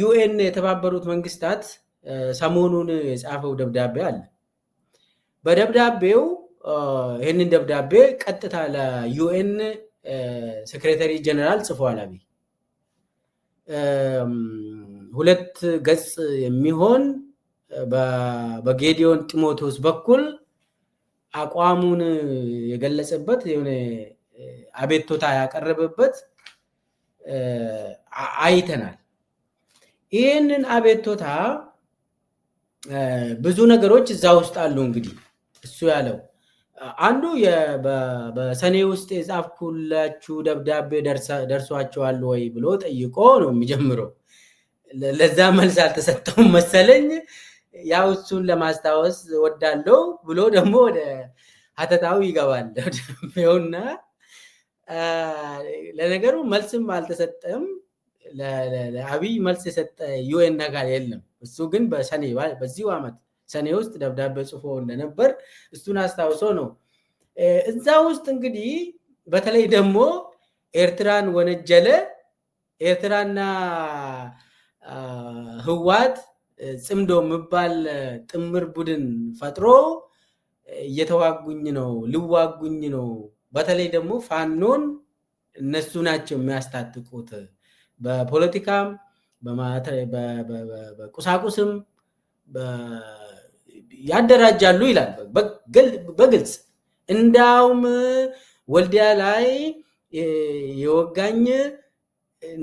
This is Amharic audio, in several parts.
ዩኤን የተባበሩት መንግስታት ሰሞኑን የጻፈው ደብዳቤ አለ። በደብዳቤው ይህንን ደብዳቤ ቀጥታ ለዩኤን ሴክሬታሪ ጀነራል ጽፏል አብይ። ሁለት ገጽ የሚሆን በጌዲዮን ጢሞቴዎስ በኩል አቋሙን የገለጸበት የሆነ አቤቶታ ያቀረበበት አይተናል። ይህንን አቤቶታ ብዙ ነገሮች እዛ ውስጥ አሉ። እንግዲህ እሱ ያለው አንዱ በሰኔ ውስጥ የጻፍኩላችሁ ደብዳቤ ደርሷችኋል ወይ ብሎ ጠይቆ ነው የሚጀምረው። ለዛ መልስ አልተሰጠውም መሰለኝ። ያው እሱን ለማስታወስ ወዳለው ብሎ ደግሞ ወደ ሀተታው ይገባል ደብዳቤውና ለነገሩ መልስም አልተሰጠም። ለአብይ መልስ የሰጠ ዩኤን ነገር የለም። እሱ ግን በሰኔ በዚሁ ዓመት ሰኔ ውስጥ ደብዳቤ ጽፎ እንደነበር እሱን አስታውሶ ነው። እዛ ውስጥ እንግዲህ በተለይ ደግሞ ኤርትራን ወነጀለ። ኤርትራና ህዋት ጽምዶ የሚባል ጥምር ቡድን ፈጥሮ እየተዋጉኝ ነው፣ ልዋጉኝ ነው። በተለይ ደግሞ ፋኖን እነሱ ናቸው የሚያስታጥቁት በፖለቲካም በቁሳቁስም ያደራጃሉ ይላል በግልጽ እንዳውም ወልዲያ ላይ የወጋኝ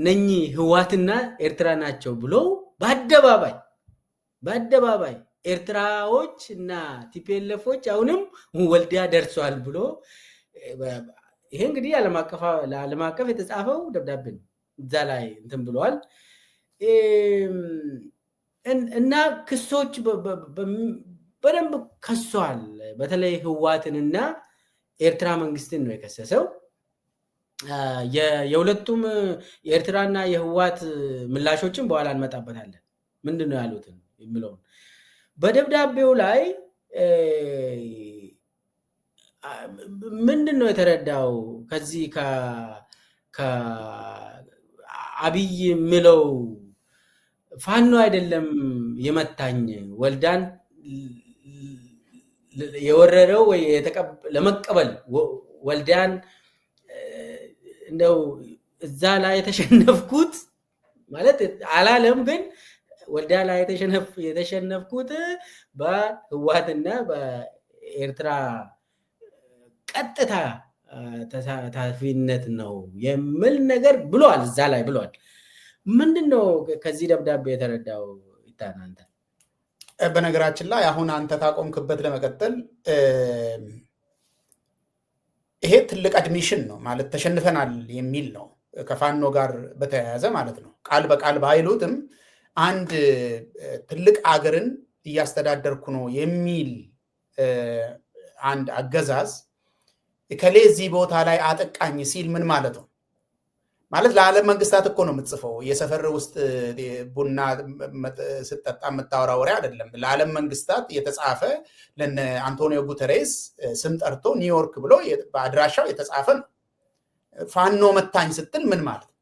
ነኝ ህዋትና ኤርትራ ናቸው ብሎ በአደባባይ በአደባባይ ኤርትራዎች እና ቲፒኤልኤፎች አሁንም ወልዲያ ደርሷል ብሎ ይሄ እንግዲህ ለዓለም አቀፍ የተጻፈው ደብዳቤ ነው። እዛ ላይ እንትን ብለዋል እና ክሶች በደንብ ከሷል። በተለይ ህዋትንና ኤርትራ መንግስትን ነው የከሰሰው። የሁለቱም የኤርትራና የህዋት ምላሾችን በኋላ እንመጣበታለን። ምንድን ነው ያሉትን የሚለውን በደብዳቤው ላይ ምንድን ነው የተረዳው ከዚህ አብይ ምለው ፋኖ አይደለም የመታኝ ወልዳን የወረረው ወይ ለመቀበል ወልዳን እንደው እዛ ላይ የተሸነፍኩት ማለት አላለም፣ ግን ወልዳ ላይ የተሸነፍኩት በህዋትና በኤርትራ ቀጥታ ተሳታፊነት ነው የሚል ነገር ብሏል። እዛ ላይ ብሏል። ምንድን ነው ከዚህ ደብዳቤ የተረዳው? ይታናንተ በነገራችን ላይ አሁን አንተ ታቆምክበት ለመቀጠል ይሄ ትልቅ አድሚሽን ነው ማለት ተሸንፈናል የሚል ነው። ከፋኖ ጋር በተያያዘ ማለት ነው። ቃል በቃል ባይሉትም አንድ ትልቅ አገርን እያስተዳደርኩ ነው የሚል አንድ አገዛዝ እከሌ እዚህ ቦታ ላይ አጠቃኝ ሲል ምን ማለት ነው? ማለት ለዓለም መንግስታት እኮ ነው የምትጽፈው። የሰፈር ውስጥ ቡና ስጠጣ የምታወራ ወሬ አይደለም። ለዓለም መንግስታት የተጻፈ ለነ አንቶኒዮ ጉተሬስ ስም ጠርቶ ኒውዮርክ ብሎ በአድራሻው የተጻፈ ነው። ፋኖ መታኝ ስትል ምን ማለት ነው?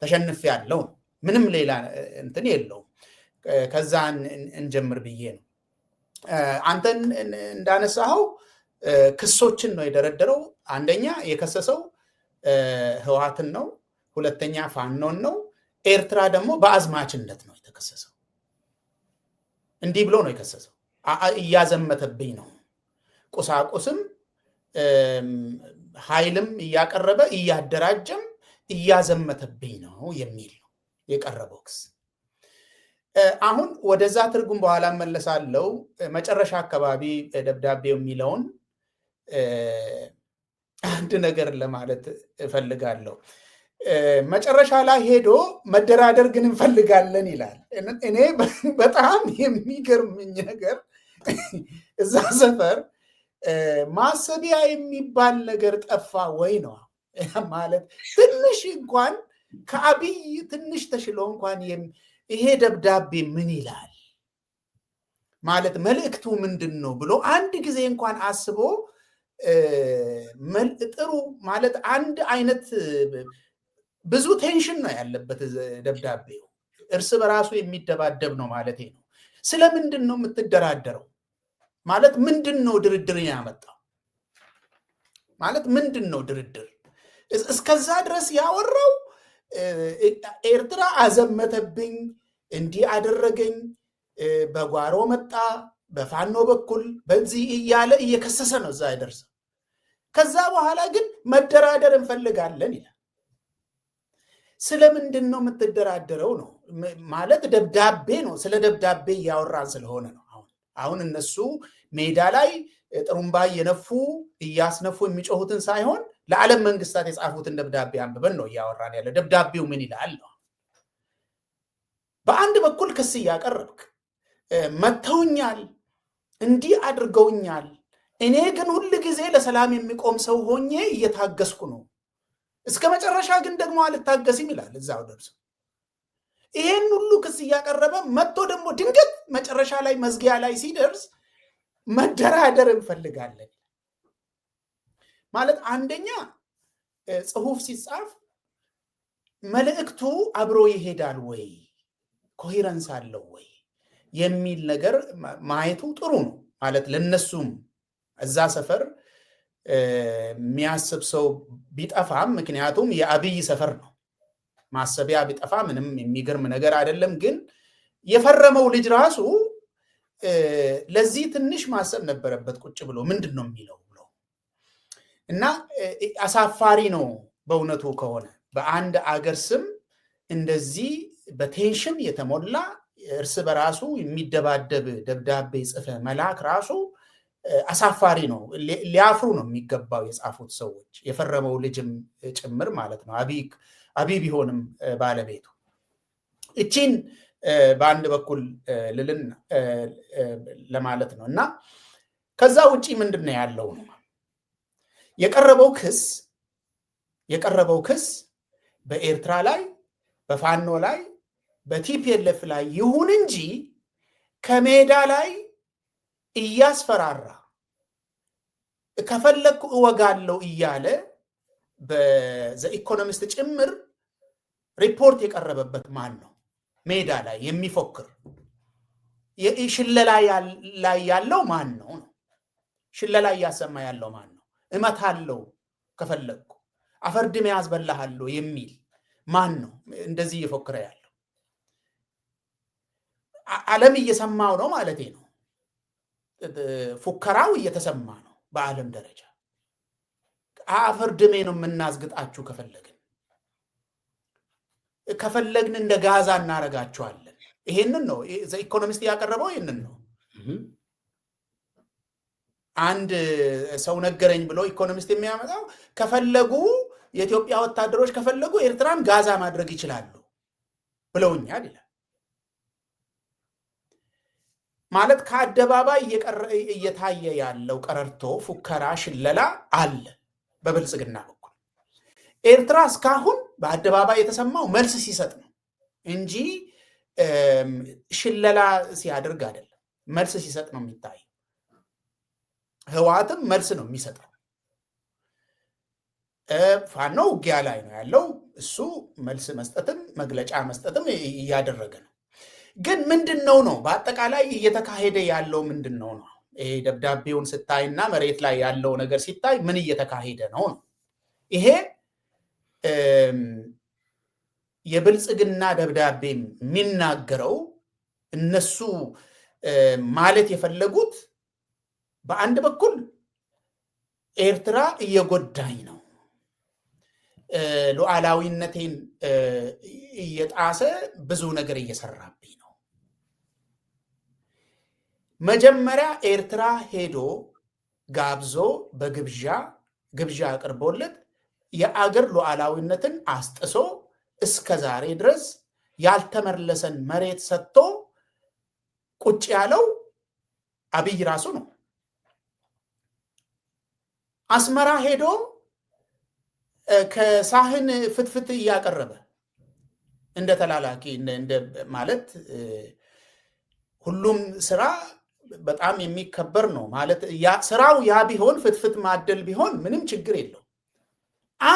ተሸንፍ ያለው ምንም ሌላ እንትን የለውም። ከዛ እንጀምር ብዬ ነው አንተን እንዳነሳኸው ክሶችን ነው የደረደረው። አንደኛ የከሰሰው ህወሓትን ነው፣ ሁለተኛ ፋኖን ነው። ኤርትራ ደግሞ በአዝማችነት ነው የተከሰሰው። እንዲህ ብሎ ነው የከሰሰው። እያዘመተብኝ ነው፣ ቁሳቁስም ኃይልም እያቀረበ እያደራጀም እያዘመተብኝ ነው የሚል ነው የቀረበው ክስ። አሁን ወደዛ ትርጉም በኋላ መለሳለው። መጨረሻ አካባቢ ደብዳቤው የሚለውን አንድ ነገር ለማለት እፈልጋለሁ። መጨረሻ ላይ ሄዶ መደራደር ግን እንፈልጋለን ይላል። እኔ በጣም የሚገርምኝ ነገር እዛ ሰፈር ማሰቢያ የሚባል ነገር ጠፋ ወይ ነው ማለት ትንሽ እንኳን ከአብይ ትንሽ ተሽሎ እንኳን ይሄ ደብዳቤ ምን ይላል ማለት መልእክቱ ምንድን ነው ብሎ አንድ ጊዜ እንኳን አስቦ ጥሩ ማለት አንድ አይነት ብዙ ቴንሽን ነው ያለበት ደብዳቤው። እርስ በራሱ የሚደባደብ ነው ማለት ነው። ስለምንድን ነው የምትደራደረው? ማለት ምንድን ነው ድርድርን ያመጣው? ማለት ምንድን ነው ድርድር? እስከዛ ድረስ ያወራው ኤርትራ አዘመተብኝ፣ እንዲህ አደረገኝ፣ በጓሮ መጣ፣ በፋኖ በኩል በዚህ እያለ እየከሰሰ ነው እዛ አይደርሰ ከዛ በኋላ ግን መደራደር እንፈልጋለን ይላል። ስለምንድን ነው የምትደራደረው? ነው ማለት ደብዳቤ ነው። ስለ ደብዳቤ እያወራን ስለሆነ ነው። አሁን አሁን እነሱ ሜዳ ላይ ጥሩምባ እየነፉ እያስነፉ የሚጮሁትን ሳይሆን ለዓለም መንግስታት የጻፉትን ደብዳቤ አንብበን ነው እያወራን ያለ። ደብዳቤው ምን ይላል ነው። በአንድ በኩል ክስ እያቀረብክ መተውኛል፣ እንዲህ አድርገውኛል እኔ ግን ሁል ጊዜ ለሰላም የሚቆም ሰው ሆኜ እየታገስኩ ነው። እስከ መጨረሻ ግን ደግሞ አልታገስም ይላል እዛው ደርሶ ይሄን ሁሉ ክስ እያቀረበ መጥቶ ደግሞ ድንገት መጨረሻ ላይ መዝጊያ ላይ ሲደርስ መደራደር እንፈልጋለን ማለት አንደኛ ጽሁፍ ሲጻፍ መልእክቱ አብሮ ይሄዳል ወይ ኮሄረንስ አለው ወይ የሚል ነገር ማየቱ ጥሩ ነው ማለት ለነሱም እዛ ሰፈር የሚያስብ ሰው ቢጠፋም፣ ምክንያቱም የአብይ ሰፈር ነው። ማሰቢያ ቢጠፋ ምንም የሚገርም ነገር አይደለም። ግን የፈረመው ልጅ ራሱ ለዚህ ትንሽ ማሰብ ነበረበት። ቁጭ ብሎ ምንድን ነው የሚለው ብሎ እና አሳፋሪ ነው በእውነቱ ከሆነ በአንድ አገር ስም እንደዚህ በቴንሽን የተሞላ እርስ በራሱ የሚደባደብ ደብዳቤ ጽፈ መላክ ራሱ አሳፋሪ ነው። ሊያፍሩ ነው የሚገባው የጻፉት ሰዎች፣ የፈረመው ልጅም ጭምር ማለት ነው። አቢ ቢሆንም ባለቤቱ እቺን በአንድ በኩል ልልን ለማለት ነው እና ከዛ ውጪ ምንድን ነው ያለው ነው የቀረበው ክስ የቀረበው ክስ በኤርትራ ላይ በፋኖ ላይ በቲፒኤልኤፍ ላይ ይሁን እንጂ ከሜዳ ላይ እያስፈራራ ከፈለግኩ እወጋለው እያለ በዘኢኮኖሚስት ጭምር ሪፖርት የቀረበበት ማን ነው? ሜዳ ላይ የሚፎክር ሽለላ ላይ ያለው ማን ነው ሽለላ እያሰማ ያለው ማን ነው? እመታለው ከፈለግኩ አፈርድሜ ያስበላሃለሁ የሚል ማን ነው? እንደዚህ እየፎክረ ያለው ዓለም እየሰማው ነው ማለት ነው። ፉከራው እየተሰማ ነው በዓለም ደረጃ። ድሜ ነው የምናዝግጣችሁ ከፈለግን ከፈለግን እንደ ጋዛ እናረጋችኋለን። ይሄንን ነው ኢኮኖሚስት ያቀረበው፣ ይህንን ነው አንድ ሰው ነገረኝ ብሎ ኢኮኖሚስት የሚያመጣው። ከፈለጉ የኢትዮጵያ ወታደሮች ከፈለጉ ኤርትራን ጋዛ ማድረግ ይችላሉ ብለውኛል ይላል። ማለት ከአደባባይ እየታየ ያለው ቀረርቶ፣ ፉከራ፣ ሽለላ አለ በብልጽግና በኩል። ኤርትራ እስካሁን በአደባባይ የተሰማው መልስ ሲሰጥ ነው እንጂ ሽለላ ሲያደርግ አይደለም። መልስ ሲሰጥ ነው የሚታየው። ህወሓትም መልስ ነው የሚሰጠው። ፋኖ ውጊያ ላይ ነው ያለው። እሱ መልስ መስጠትም መግለጫ መስጠትም እያደረገ ነው። ግን ምንድን ነው ነው በአጠቃላይ እየተካሄደ ያለው ምንድን ነው ነው? ይሄ ደብዳቤውን ስታይ እና መሬት ላይ ያለው ነገር ሲታይ ምን እየተካሄደ ነው ነው? ይሄ የብልጽግና ደብዳቤ የሚናገረው እነሱ ማለት የፈለጉት በአንድ በኩል ኤርትራ እየጎዳኝ ነው፣ ሉዓላዊነቴን እየጣሰ ብዙ ነገር እየሰራብኝ ነው መጀመሪያ ኤርትራ ሄዶ ጋብዞ በግብዣ ግብዣ አቅርቦለት የአገር ሉዓላዊነትን አስጥሶ እስከ ዛሬ ድረስ ያልተመለሰን መሬት ሰጥቶ ቁጭ ያለው አብይ ራሱ ነው። አስመራ ሄዶ ከሳህን ፍትፍት እያቀረበ እንደ ተላላኪ ማለት ሁሉም ስራ በጣም የሚከበር ነው ማለት ስራው ያ ቢሆን ፍትፍት ማደል ቢሆን ምንም ችግር የለው።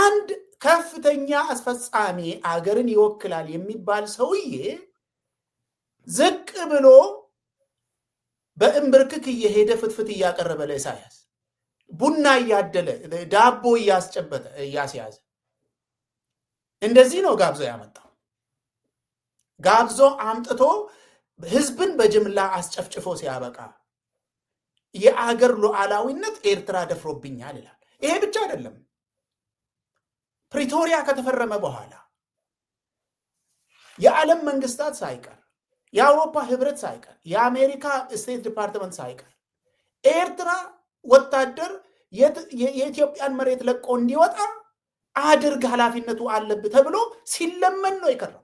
አንድ ከፍተኛ አስፈጻሚ አገርን ይወክላል የሚባል ሰውዬ ዝቅ ብሎ በእምብርክክ እየሄደ ፍትፍት እያቀረበ ለኢሳያስ ቡና እያደለ ዳቦ እያስጨበጠ እያስያዘ እንደዚህ ነው ጋብዞ ያመጣው ጋብዞ አምጥቶ ህዝብን በጅምላ አስጨፍጭፎ ሲያበቃ የአገር ሉዓላዊነት ኤርትራ ደፍሮብኛል ይላል። ይሄ ብቻ አይደለም። ፕሪቶሪያ ከተፈረመ በኋላ የዓለም መንግስታት ሳይቀር የአውሮፓ ህብረት ሳይቀር የአሜሪካ ስቴት ዲፓርትመንት ሳይቀር ኤርትራ ወታደር የኢትዮጵያን መሬት ለቆ እንዲወጣ አድርግ ኃላፊነቱ አለብህ ተብሎ ሲለመን ነው የከረም።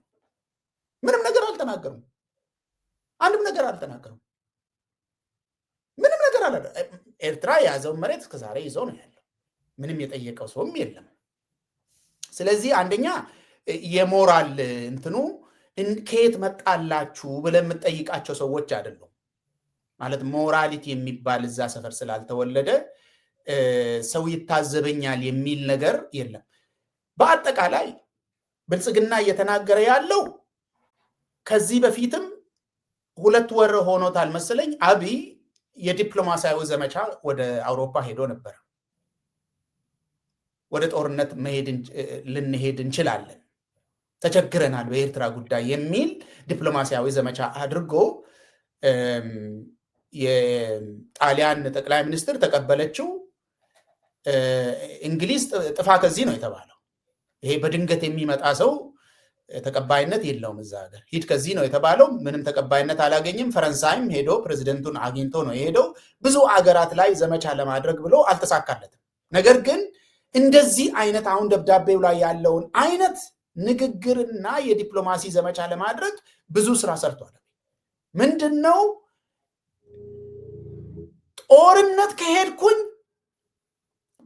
ምንም ነገር አልተናገሩም። አንድም ነገር አልተናገሩም። ምንም ነገር አለ። ኤርትራ የያዘውን መሬት እስከዛሬ ይዞ ነው ያለው። ምንም የጠየቀው ሰውም የለም። ስለዚህ አንደኛ የሞራል እንትኑ ከየት መጣላችሁ ብለን የምጠይቃቸው ሰዎች አይደሉም። ማለት ሞራሊቲ የሚባል እዛ ሰፈር ስላልተወለደ ሰው ይታዘበኛል የሚል ነገር የለም። በአጠቃላይ ብልጽግና እየተናገረ ያለው ከዚህ በፊትም ሁለት ወር ሆኖታል መሰለኝ አብይ የዲፕሎማሲያዊ ዘመቻ ወደ አውሮፓ ሄዶ ነበር። ወደ ጦርነት ልንሄድ እንችላለን፣ ተቸግረናል በኤርትራ ጉዳይ የሚል ዲፕሎማሲያዊ ዘመቻ አድርጎ የጣሊያን ጠቅላይ ሚኒስትር ተቀበለችው። እንግሊዝ ጥፋ ከዚህ ነው የተባለው። ይሄ በድንገት የሚመጣ ሰው ተቀባይነት የለውም። እዛ ሀገር ሂድ ከዚህ ነው የተባለው ምንም ተቀባይነት አላገኝም። ፈረንሳይም ሄዶ ፕሬዚደንቱን አግኝቶ ነው የሄደው። ብዙ አገራት ላይ ዘመቻ ለማድረግ ብሎ አልተሳካለትም። ነገር ግን እንደዚህ አይነት አሁን ደብዳቤው ላይ ያለውን አይነት ንግግርና የዲፕሎማሲ ዘመቻ ለማድረግ ብዙ ስራ ሰርቷል። ምንድን ነው ጦርነት ከሄድኩኝ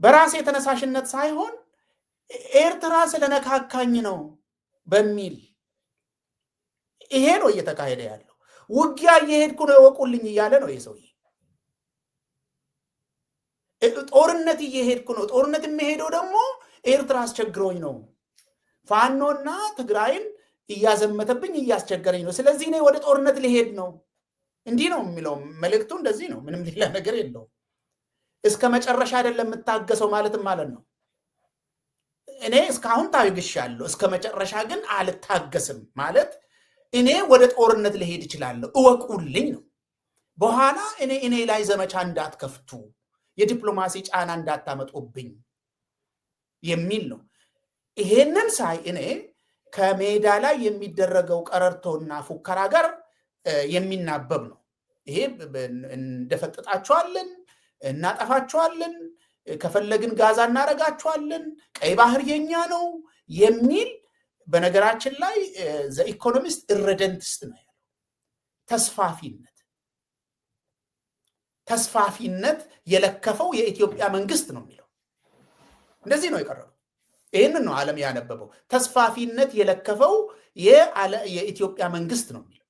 በራሴ የተነሳሽነት ሳይሆን ኤርትራ ስለነካካኝ ነው በሚል ይሄ ነው እየተካሄደ ያለው። ውጊያ እየሄድኩ ነው እወቁልኝ እያለ ነው የሰውዬ ጦርነት እየሄድኩ ነው። ጦርነት የሚሄደው ደግሞ ኤርትራ አስቸግሮኝ ነው፣ ፋኖና ትግራይን እያዘመተብኝ እያስቸገረኝ ነው። ስለዚህ እኔ ወደ ጦርነት ሊሄድ ነው። እንዲህ ነው የሚለው መልእክቱ፣ እንደዚህ ነው። ምንም ሌላ ነገር የለውም። እስከ መጨረሻ አይደለም የምታገሰው ማለትም ማለት ነው። እኔ እስካሁን ታግሻለሁ፣ እስከ መጨረሻ ግን አልታገስም ማለት እኔ ወደ ጦርነት ልሄድ እችላለሁ፣ እወቁልኝ ነው። በኋላ እኔ እኔ ላይ ዘመቻ እንዳትከፍቱ፣ የዲፕሎማሲ ጫና እንዳታመጡብኝ የሚል ነው። ይሄንን ሳይ እኔ ከሜዳ ላይ የሚደረገው ቀረርቶና ፉከራ ጋር የሚናበብ ነው። ይሄ እንደፈጠጣችኋለን፣ እናጠፋችኋለን ከፈለግን ጋዛ እናረጋችኋለን፣ ቀይ ባህር የኛ ነው የሚል በነገራችን ላይ ዘኢኮኖሚስት ኢረደንትስት ነው ያለው። ተስፋፊነት ተስፋፊነት የለከፈው የኢትዮጵያ መንግስት ነው የሚለው እንደዚህ ነው የቀረበው። ይህንን ነው ዓለም ያነበበው። ተስፋፊነት የለከፈው የኢትዮጵያ መንግስት ነው የሚለው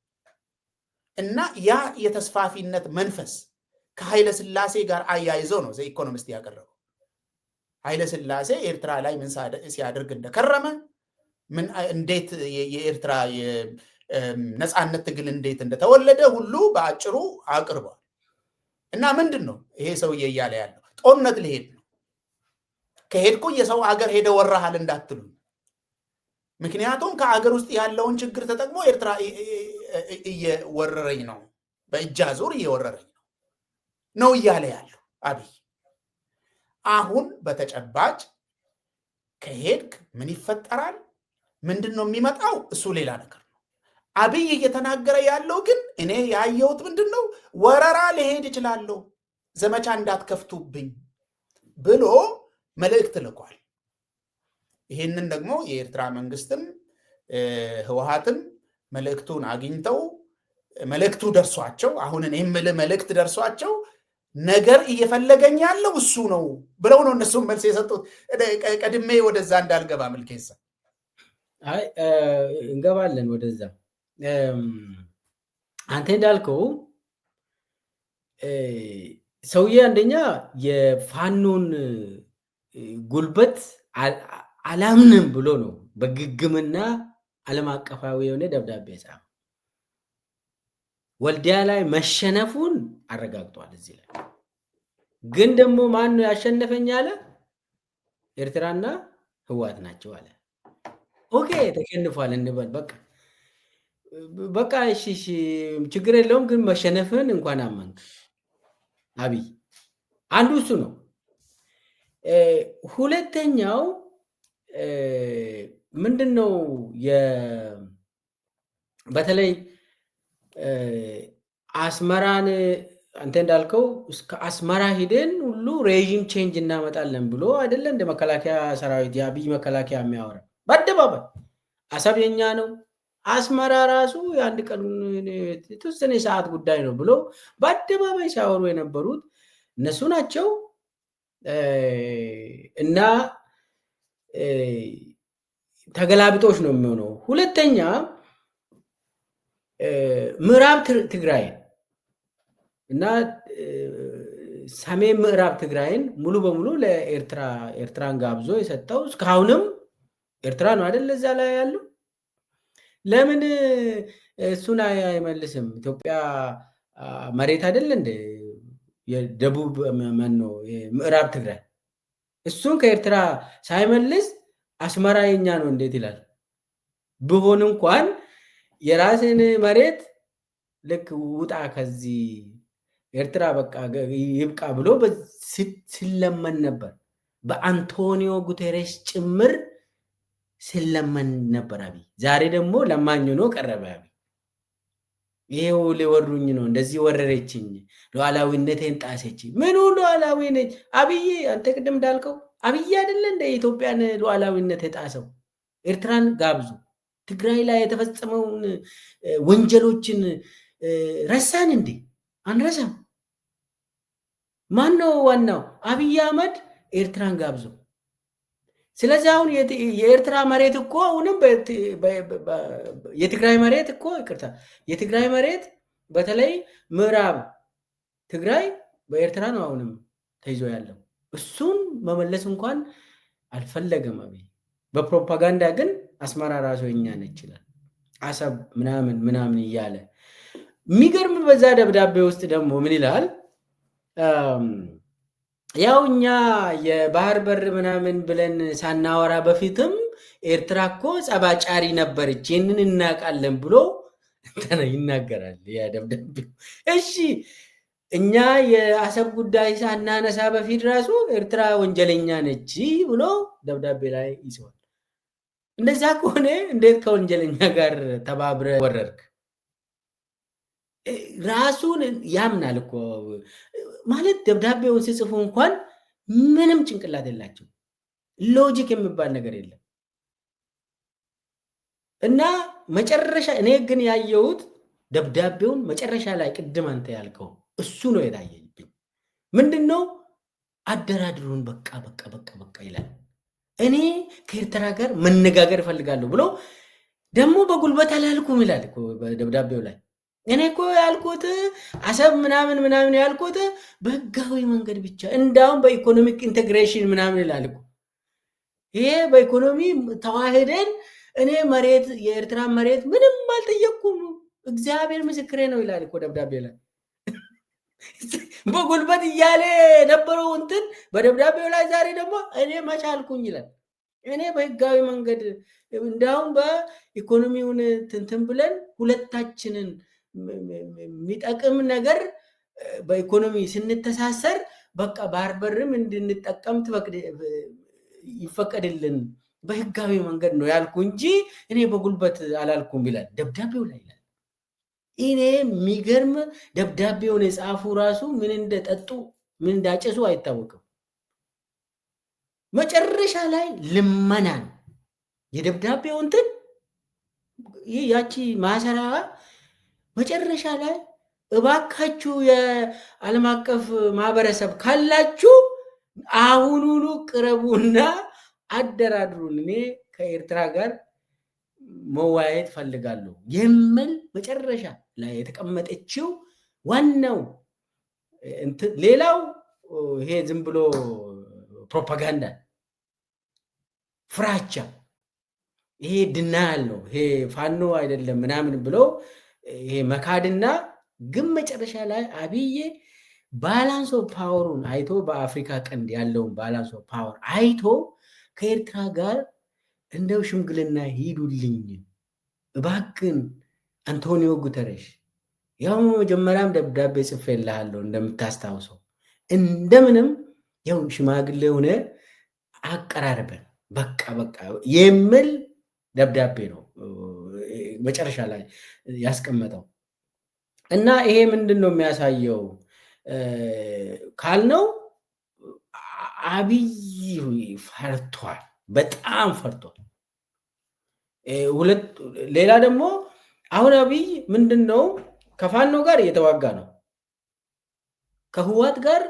እና ያ የተስፋፊነት መንፈስ ከኃይለ ስላሴ ጋር አያይዘው ነው ዘኢኮኖሚስት ያቀረበው። ኃይለ ስላሴ ኤርትራ ላይ ምን ሲያደርግ እንደከረመ ምን እንዴት የኤርትራ ነፃነት ትግል እንዴት እንደተወለደ ሁሉ በአጭሩ አቅርቧል። እና ምንድን ነው ይሄ ሰውዬ እያለ ያለው? ጦርነት ሊሄድ ነው። ከሄድኩ የሰው አገር ሄደ ወራሃል እንዳትሉ። ምክንያቱም ከአገር ውስጥ ያለውን ችግር ተጠቅሞ ኤርትራ እየወረረኝ ነው፣ በእጃ ዙር እየወረረኝ ነው እያለ ያለው አብይ። አሁን በተጨባጭ ከሄድክ ምን ይፈጠራል? ምንድን ነው የሚመጣው? እሱ ሌላ ነገር ነው። አብይ እየተናገረ ያለው ግን እኔ ያየሁት ምንድን ነው፣ ወረራ ልሄድ እችላለሁ፣ ዘመቻ እንዳትከፍቱብኝ ብሎ መልእክት ልኳል። ይህንን ደግሞ የኤርትራ መንግስትም ህወሀትም መልእክቱን አግኝተው መልእክቱ ደርሷቸው አሁን እኔ የምልህ መልእክት ደርሷቸው ነገር እየፈለገኝ ያለው እሱ ነው ብለው ነው እነሱም መልስ የሰጡት። ቀድሜ ወደዛ እንዳልገባ ምልኬሳ አይ እንገባለን ወደዛ። አንተ እንዳልከው ሰውዬ አንደኛ የፋኖን ጉልበት አላምንም ብሎ ነው በግግምና ዓለም አቀፋዊ የሆነ ደብዳቤ ጻፈ። ወልዲያ ላይ መሸነፉን አረጋግጧል። እዚህ ላይ ግን ደግሞ ማን ነው ያሸነፈኝ አለ። ኤርትራና ህዋት ናቸው አለ። ኦኬ ተሸንፏል እንበል በቃ በቃ እሺ፣ ችግር የለውም ግን መሸነፍን እንኳን አመንክ አብይ። አንዱ እሱ ነው። ሁለተኛው ምንድን ነው በተለይ አስመራን አንተ እንዳልከው እስከ አስመራ ሂደን ሁሉ ሬዥም ቼንጅ እናመጣለን ብሎ አይደለ እንደ መከላከያ ሰራዊት የአብይ መከላከያ የሚያወራ በአደባባይ አሰብ የኛ ነው፣ አስመራ ራሱ የአንድ ቀን የተወሰነ የሰዓት ጉዳይ ነው ብሎ በአደባባይ ሲያወሩ የነበሩት እነሱ ናቸው እና ተገላብጦች ነው የሚሆነው። ሁለተኛ ምዕራብ ትግራይን እና ሰሜን ምዕራብ ትግራይን ሙሉ በሙሉ ለኤርትራ ኤርትራን ጋብዞ የሰጠው እስካሁንም ኤርትራ ነው አይደል? እዛ ላይ ያሉ ለምን እሱን አይመልስም? ኢትዮጵያ መሬት አይደል እንደ የደቡብ መኖ ምዕራብ ትግራይ እሱን ከኤርትራ ሳይመልስ አስመራ የኛ ነው እንዴት ይላል? ብሆን እንኳን የራስን መሬት ልክ ውጣ ከዚህ ኤርትራ በቃ ይብቃ ብሎ ሲለመን ነበር። በአንቶኒዮ ጉቴሬስ ጭምር ሲለመን ነበር አብይ። ዛሬ ደግሞ ለማኝ ነው ቀረበ አብይ። ይሄው ሊወሩኝ ነው፣ እንደዚህ ወረረችኝ፣ ሉዓላዊነቴን ጣሰች። ምኑ ሉዓላዊ ነች? አብይ አንተ ቅድም እንዳልከው አብይ አይደለ እንደ ኢትዮጵያን ሉዓላዊነት የጣሰው? ኤርትራን ጋብዙ ትግራይ ላይ የተፈጸመውን ወንጀሎችን ረሳን እንዴ? አንረሳም። ማን ነው ዋናው? አብይ አህመድ ኤርትራን ጋብዞ ስለዚህ አሁን የኤርትራ መሬት እኮ አሁንም የትግራይ መሬት እኮ ይቅርታ፣ የትግራይ መሬት በተለይ ምዕራብ ትግራይ በኤርትራ ነው አሁንም ተይዞ ያለው። እሱን መመለስ እንኳን አልፈለገም አብይ። በፕሮፓጋንዳ ግን አስመራ ራሱ የኛ ነች ይላል። አሰብ ምናምን ምናምን እያለ የሚገርም በዛ ደብዳቤ ውስጥ ደግሞ ምን ይላል? ያው እኛ የባህር በር ምናምን ብለን ሳናወራ በፊትም ኤርትራ እኮ ጸባጫሪ ነበረች፣ ይህንን እናውቃለን ብሎ ይናገራል ደብዳቤ። እሺ እኛ የአሰብ ጉዳይ ሳናነሳ በፊት ራሱ ኤርትራ ወንጀለኛ ነች ብሎ ደብዳቤ ላይ ይዘዋል። እንደዚያ ከሆነ እንዴት ከወንጀለኛ ጋር ተባብረ ወረርክ? ራሱን ያምናል እኮ ማለት ደብዳቤውን ሲጽፉ እንኳን ምንም ጭንቅላት የላቸው። ሎጂክ የሚባል ነገር የለም። እና መጨረሻ እኔ ግን ያየሁት ደብዳቤውን መጨረሻ ላይ ቅድም አንተ ያልከው እሱ ነው የታየብኝ። ምንድን ነው አደራድሩን፣ በቃ በቃ በቃ በቃ ይላል። እኔ ከኤርትራ ጋር መነጋገር እፈልጋለሁ ብሎ ደግሞ በጉልበት አላልኩም ይላል በደብዳቤው ላይ። እኔ እኮ ያልኩት አሰብ ምናምን ምናምን ያልኩት በህጋዊ መንገድ ብቻ እንዳውም በኢኮኖሚክ ኢንቴግሬሽን ምናምን ይላል። ይሄ በኢኮኖሚ ተዋህደን እኔ መሬት የኤርትራ መሬት ምንም አልጠየቅኩም እግዚአብሔር ምስክሬ ነው ይላል እኮ ደብዳቤ ላይ በጉልበት እያለ የነበረው እንትን በደብዳቤው ላይ ዛሬ ደግሞ እኔ መቻልኩኝ ይላል። እኔ በህጋዊ መንገድ እንዲያውም በኢኮኖሚውን ትንትን ብለን ሁለታችንን የሚጠቅም ነገር በኢኮኖሚ ስንተሳሰር በቃ ባህር እንድንጠቀም ይፈቀድልን በህጋዊ መንገድ ነው ያልኩ እንጂ እኔ በጉልበት አላልኩም ይላል ደብዳቤው ላይ እኔ የሚገርም ደብዳቤውን የጻፉ ራሱ ምን እንደጠጡ ምን እንዳጨሱ አይታወቅም። መጨረሻ ላይ ልመናን የደብዳቤው እንትን ያቺ ማሰራዋ መጨረሻ ላይ እባካችሁ የዓለም አቀፍ ማህበረሰብ ካላችሁ አሁኑኑ ቅረቡና አደራድሩን እኔ ከኤርትራ ጋር መወያየት ፈልጋለሁ የሚል መጨረሻ ላይ የተቀመጠችው ዋናው ሌላው ይሄ ዝም ብሎ ፕሮፓጋንዳ ፍራቻ፣ ይሄ ድና ነው፣ ይሄ ፋኖ አይደለም ምናምን ብሎ ይሄ መካድና ግን መጨረሻ ላይ አብዬ ባላንስ ኦፍ ፓወሩን አይቶ በአፍሪካ ቀንድ ያለውን ባላንስ ኦፍ ፓወር አይቶ ከኤርትራ ጋር እንደው ሽምግልና ሂዱልኝ እባክን አንቶኒዮ ጉተረሽ ያው መጀመሪያም ደብዳቤ ጽፌልሃለሁ እንደምታስታውሰው፣ እንደምንም ያው ሽማግሌ ሆነ አቀራርበን በቃ በቃ የሚል ደብዳቤ ነው መጨረሻ ላይ ያስቀመጠው እና ይሄ ምንድን ነው የሚያሳየው ካልነው አብይ ፈርቷል። በጣም ፈርቷል። ሁለት ሌላ ደግሞ አሁን አብይ ምንድን ነው ከፋኖ ጋር እየተዋጋ ነው። ከህዋት ጋር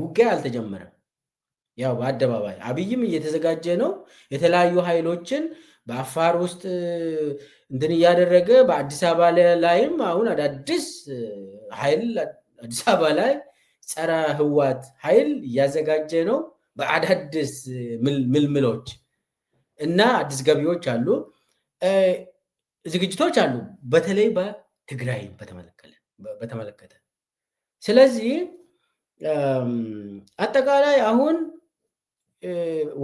ውጊያ አልተጀመረም። ያው በአደባባይ አብይም እየተዘጋጀ ነው። የተለያዩ ኃይሎችን በአፋር ውስጥ እንትን እያደረገ በአዲስ አበባ ላይም አሁን አዳዲስ ኃይል አዲስ አበባ ላይ ጸረ ህዋት ኃይል እያዘጋጀ ነው። በአዳዲስ ምልምሎች እና አዲስ ገቢዎች አሉ፣ ዝግጅቶች አሉ፣ በተለይ በትግራይ በተመለከተ። ስለዚህ አጠቃላይ አሁን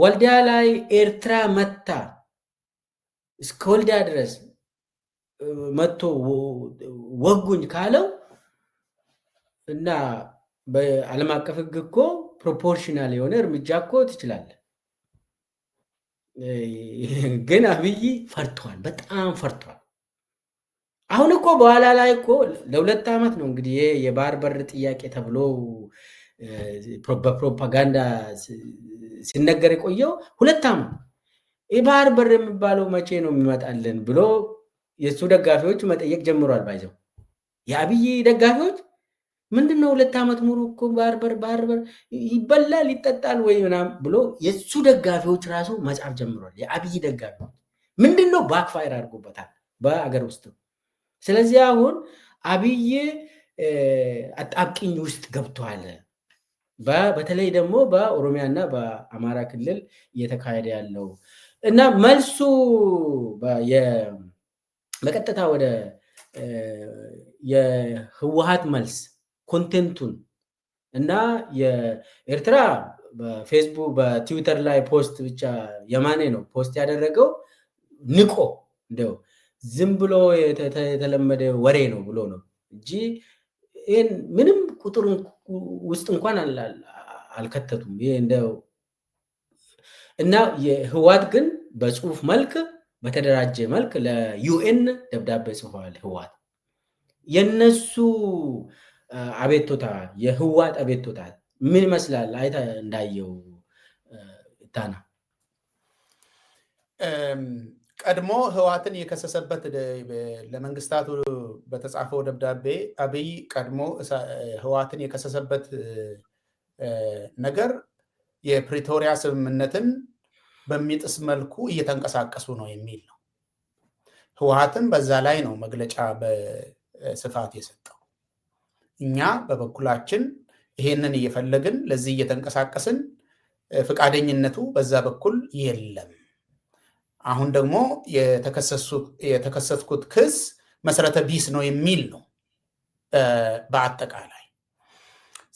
ወልዲያ ላይ ኤርትራ መታ እስከ ወልዲያ ድረስ መጥቶ ወጉኝ ካለው እና በዓለም አቀፍ ሕግ እኮ ፕሮፖርሽናል የሆነ እርምጃ እኮ ትችላለህ። ግን አብይ ፈርቷል፣ በጣም ፈርቷል። አሁን እኮ በኋላ ላይ እኮ ለሁለት ዓመት ነው እንግዲህ ይሄ የባህር በር ጥያቄ ተብሎ በፕሮፓጋንዳ ሲነገር የቆየው ሁለት ዓመት የባህር በር የሚባለው መቼ ነው የሚመጣልን ብሎ የእሱ ደጋፊዎች መጠየቅ ጀምሯል። ባይዘው የአብይ ደጋፊዎች ምንድን ነው ሁለት ዓመት ሙሉ እኮ ባርበር ባርበር ይበላል ይጠጣል ወይ ምናምን ብሎ የእሱ ደጋፊዎች ራሱ መጽሐፍ ጀምሯል። የአብይ ደጋፊዎች ምንድን ነው ባክፋይር አድርጎበታል በአገር ውስጥ። ስለዚህ አሁን አብይ አጣብቂኝ ውስጥ ገብቷል። በተለይ ደግሞ በኦሮሚያ እና በአማራ ክልል እየተካሄደ ያለው እና መልሱ በቀጥታ ወደ የህወሀት መልስ ኮንቴንቱን እና የኤርትራ በፌስቡክ በትዊተር ላይ ፖስት ብቻ የማኔ ነው ፖስት ያደረገው ንቆ እንደው ዝም ብሎ የተለመደ ወሬ ነው ብሎ ነው እንጂ ይህን ምንም ቁጥር ውስጥ እንኳን አልከተቱም። ይህ እንደው እና ህዋት ግን በጽሁፍ መልክ በተደራጀ መልክ ለዩኤን ደብዳቤ ጽፏል። ህዋት የነሱ አቤቶታ የህዋት አቤቶታ ምን ይመስላል? አይተ እንዳየው ታና ቀድሞ ህዋትን የከሰሰበት ለመንግስታቱ በተጻፈው ደብዳቤ አብይ ቀድሞ ህዋትን የከሰሰበት ነገር የፕሪቶሪያ ስምምነትን በሚጥስ መልኩ እየተንቀሳቀሱ ነው የሚል ነው። ህወሀትን በዛ ላይ ነው መግለጫ በስፋት የሰጠው። እኛ በበኩላችን ይሄንን እየፈለግን ለዚህ እየተንቀሳቀስን ፈቃደኝነቱ በዛ በኩል የለም። አሁን ደግሞ የተከሰስኩት ክስ መሰረተ ቢስ ነው የሚል ነው በአጠቃላይ።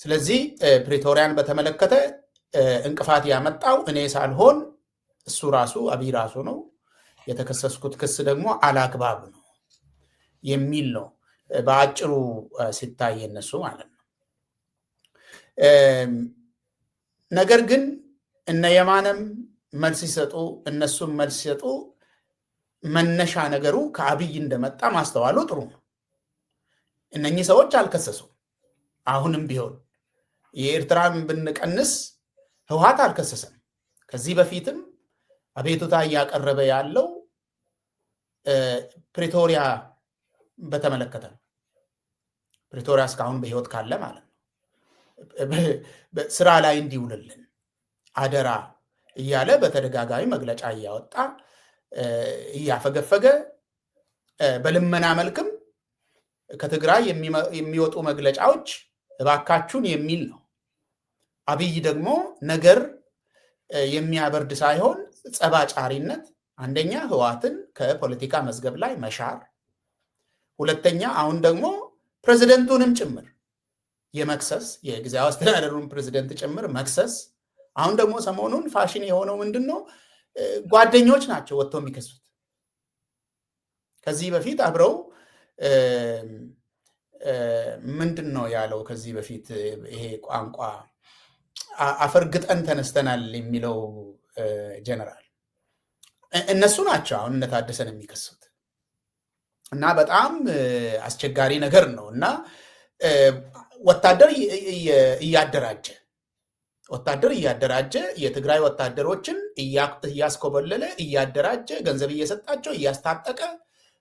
ስለዚህ ፕሪቶሪያን በተመለከተ እንቅፋት ያመጣው እኔ ሳልሆን እሱ ራሱ አብይ ራሱ ነው። የተከሰስኩት ክስ ደግሞ አላግባብ ነው የሚል ነው። በአጭሩ ሲታይ እነሱ ማለት ነው። ነገር ግን እነ የማነም መልስ ሲሰጡ እነሱም መልስ ሲሰጡ መነሻ ነገሩ ከአብይ እንደመጣ ማስተዋሉ ጥሩ ነው። እነኚህ ሰዎች አልከሰሱም። አሁንም ቢሆን የኤርትራን ብንቀንስ ህውሃት አልከሰሰም። ከዚህ በፊትም አቤቱታ እያቀረበ ያለው ፕሪቶሪያ በተመለከተ ነው። ፕሪቶሪያ እስካሁን በህይወት ካለ ማለት ነው ስራ ላይ እንዲውልልን አደራ እያለ በተደጋጋሚ መግለጫ እያወጣ እያፈገፈገ በልመና መልክም ከትግራይ የሚወጡ መግለጫዎች እባካችሁን የሚል ነው። አብይ ደግሞ ነገር የሚያበርድ ሳይሆን ጸባጫሪነት፣ አንደኛ ህዋትን ከፖለቲካ መዝገብ ላይ መሻር ሁለተኛ አሁን ደግሞ ፕሬዚደንቱንም ጭምር የመክሰስ የጊዜያዊ አስተዳደሩን ፕሬዚደንት ጭምር መክሰስ። አሁን ደግሞ ሰሞኑን ፋሽን የሆነው ምንድን ነው? ጓደኞች ናቸው ወጥቶ የሚከሱት። ከዚህ በፊት አብረው ምንድን ነው ያለው? ከዚህ በፊት ይሄ ቋንቋ አፈርግጠን ተነስተናል የሚለው ጀነራል እነሱ ናቸው አሁን እነ ታደሰን የሚከሱት እና በጣም አስቸጋሪ ነገር ነው እና ወታደር እያደራጀ ወታደር እያደራጀ የትግራይ ወታደሮችን እያስኮበለለ እያደራጀ ገንዘብ እየሰጣቸው እያስታጠቀ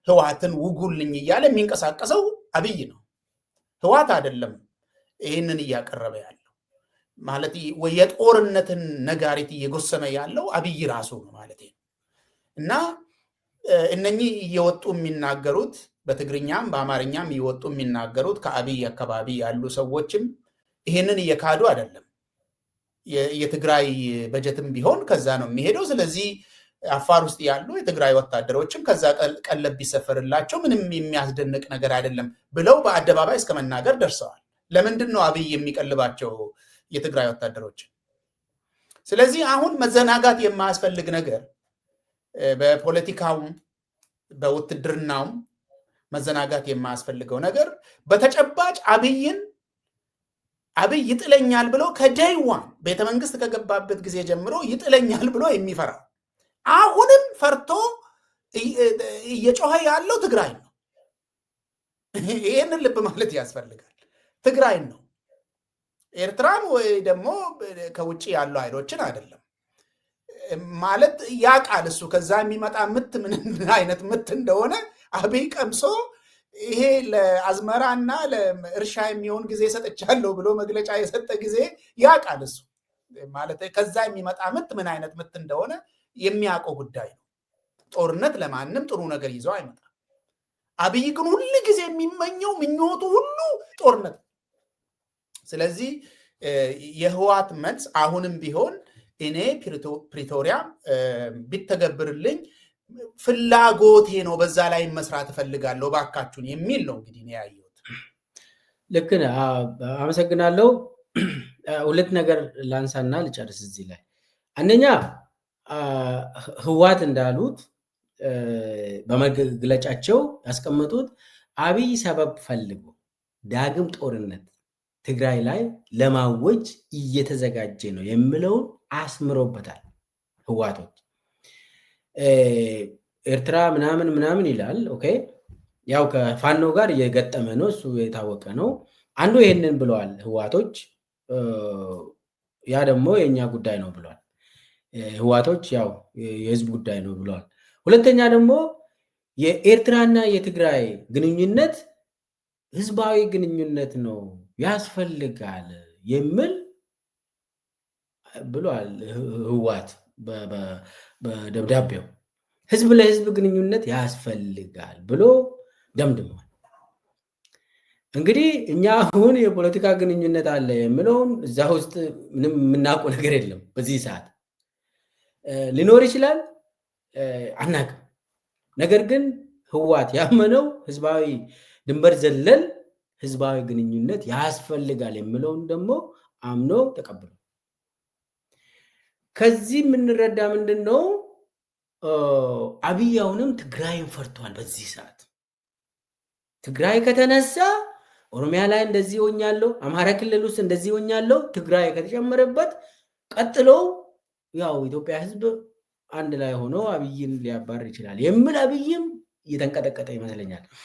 ህወሓትን ውጉልኝ እያለ የሚንቀሳቀሰው አብይ ነው። ህወሓት አይደለም ይህንን እያቀረበ ያለው ማለት የጦርነትን ነጋሪት እየጎሰመ ያለው አብይ ራሱ ነው ማለት ነው እና እነኚህ እየወጡ የሚናገሩት በትግርኛም በአማርኛም እየወጡ የሚናገሩት ከአብይ አካባቢ ያሉ ሰዎችም ይህንን እየካዱ አይደለም። የትግራይ በጀትም ቢሆን ከዛ ነው የሚሄደው። ስለዚህ አፋር ውስጥ ያሉ የትግራይ ወታደሮችም ከዛ ቀለብ ቢሰፈርላቸው ምንም የሚያስደንቅ ነገር አይደለም ብለው በአደባባይ እስከ መናገር ደርሰዋል። ለምንድን ነው አብይ የሚቀልባቸው የትግራይ ወታደሮችን? ስለዚህ አሁን መዘናጋት የማያስፈልግ ነገር በፖለቲካውም በውትድርናውም መዘናጋት የማያስፈልገው ነገር በተጨባጭ አብይን አብይ ይጥለኛል ብሎ ከደይዋን ቤተመንግስት ከገባበት ጊዜ ጀምሮ ይጥለኛል ብሎ የሚፈራ አሁንም ፈርቶ እየጮኸ ያለው ትግራይ ነው። ይህንን ልብ ማለት ያስፈልጋል። ትግራይን ነው፣ ኤርትራም ወይ ደግሞ ከውጭ ያሉ ኃይሎችን አይደለም። ማለት ያ ቃል እሱ ከዛ የሚመጣ ምት ምን አይነት ምት እንደሆነ አብይ ቀምሶ ይሄ ለአዝመራ እና ለእርሻ የሚሆን ጊዜ ሰጥቻለሁ ብሎ መግለጫ የሰጠ ጊዜ ያ ቃል እሱ ማለት ከዛ የሚመጣ ምት ምን አይነት ምት እንደሆነ የሚያውቀው ጉዳይ ነው። ጦርነት ለማንም ጥሩ ነገር ይዘው አይመጣም። አብይ ግን ሁል ጊዜ የሚመኘው ምኞቱ ሁሉ ጦርነት። ስለዚህ የህዋት መልስ አሁንም ቢሆን እኔ ፕሪቶሪያ ቢተገብርልኝ ፍላጎቴ ነው፣ በዛ ላይ መስራት እፈልጋለሁ፣ ባካችሁን የሚል ነው። እንግዲህ ነው ያየሁት። ልክ ነህ። አመሰግናለሁ። ሁለት ነገር ላንሳና ልጨርስ እዚህ ላይ። አንደኛ ህዋት እንዳሉት በመግለጫቸው ያስቀመጡት አብይ ሰበብ ፈልጎ ዳግም ጦርነት ትግራይ ላይ ለማወጅ እየተዘጋጀ ነው የሚለውን አስምሮበታል። ህዋቶች ኤርትራ ምናምን ምናምን ይላል። ኦኬ ያው ከፋኖ ጋር የገጠመ ነው እሱ የታወቀ ነው። አንዱ ይህንን ብለዋል ህዋቶች፣ ያ ደግሞ የእኛ ጉዳይ ነው ብለዋል። ህዋቶች ያው የህዝብ ጉዳይ ነው ብለዋል። ሁለተኛ ደግሞ የኤርትራና የትግራይ ግንኙነት ህዝባዊ ግንኙነት ነው ያስፈልጋል የሚል ብሏል ህወሓት በደብዳቤው። ህዝብ ለህዝብ ግንኙነት ያስፈልጋል ብሎ ደምድሟል። እንግዲህ እኛ አሁን የፖለቲካ ግንኙነት አለ የምለውን እዛ ውስጥ ምንም የምናውቀው ነገር የለም። በዚህ ሰዓት ሊኖር ይችላል አናውቅም። ነገር ግን ህወሓት ያመነው ህዝባዊ ድንበር ዘለል ህዝባዊ ግንኙነት ያስፈልጋል የምለውን ደግሞ አምኖ ተቀብሏል። ከዚህ የምንረዳ ምንድን ነው? አብይ አሁንም ትግራይን ፈርቷል። በዚህ ሰዓት ትግራይ ከተነሳ ኦሮሚያ ላይ እንደዚህ ሆኛለሁ፣ አማራ ክልል ውስጥ እንደዚህ ሆኛለሁ፣ ትግራይ ከተጨመረበት ቀጥሎ ያው ኢትዮጵያ ሕዝብ አንድ ላይ ሆኖ አብይን ሊያባር ይችላል የሚል አብይም እየተንቀጠቀጠ ይመስለኛል።